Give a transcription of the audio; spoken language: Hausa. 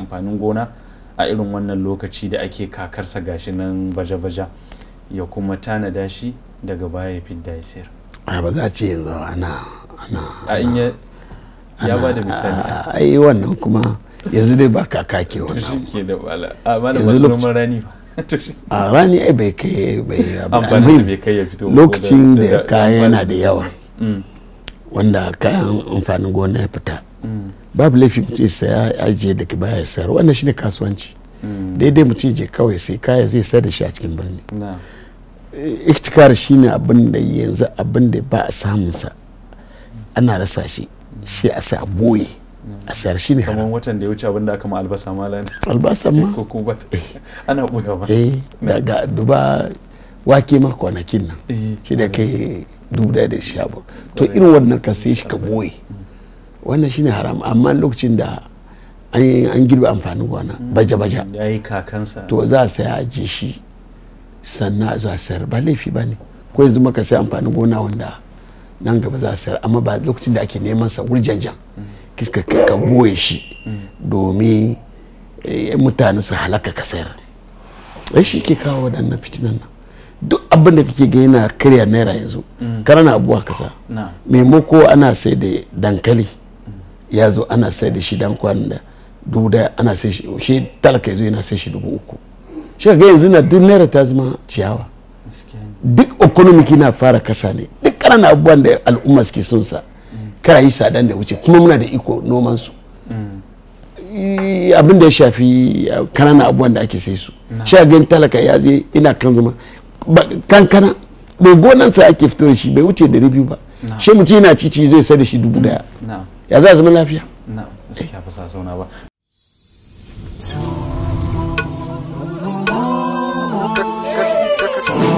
amfanin gona a irin wannan lokaci da ake kakarsa gashi nan baja-baja ya kuma tanada shi daga baya ya fidda ya sayar a ba za a ce yanzu ana ana ya ba da misali ai wannan kuma yanzu dai ba kaka ke wannan ke da bala a ba da rani ba a rani ai bai kai bai amfani bai kai ya fito lokacin da kaya yana da yawa mm. wanda kayan amfanin gona ya fita mm. babu laifi mutum ya saya ajiye daga baya ya sayar wannan shine kasuwanci hmm. daidai mutum je kawai sai kaya zai sayar da shi a cikin birni iktikar shine abin da yanzu abin da ba a samun sa ana rasa shi shi a sa a boye a sayar shi ne kamar watan da ya wuce abin da aka ma albasa ma albasa ma ko ba eh. ana boye ba eh daga duba wake ma kwanakin nan eh. shi da kai dubu da sha to irin wannan ka sai shi ka boye hmm. wannan shine haram amma lokacin da an girbe amfanin gona mm. baja-baja to za a saya a je shi sannan a sayar ba laifi ba ne ko yanzu maka sai amfanin gona wanda nan gaba za a sayar amma ba lokacin da ake neman sa wurjanjan mm. kiska ka boye shi mm. domin eh, mutane su halaka ka sayar ai shi ke kawo waɗannan fitinan nan duk abin da kake ga yana karya naira yanzu karana abuwa kasa maimako ana sai da dankali ya zo ana sai da shi dan kwan da dubu daya ana sai shi shi talaka yazo yana sai shi dubu uku shi ga yanzu na duk naira ta zama ciyawa duk economic na fara kasa ne duk karan abubuwan da al'umma suke son sa mm. kara yi sadan da wuce kuma muna da iko noman su mm. abin da ya shafi kanana abubuwan da ake sai su shi a gani talaka ya je ina kan zama kankana mai gonansa ake fito da shi bai wuce da biyu ba shi mutum yana cici zai sai da shi dubu daya ya za zama lafiya na ba sa zauna ba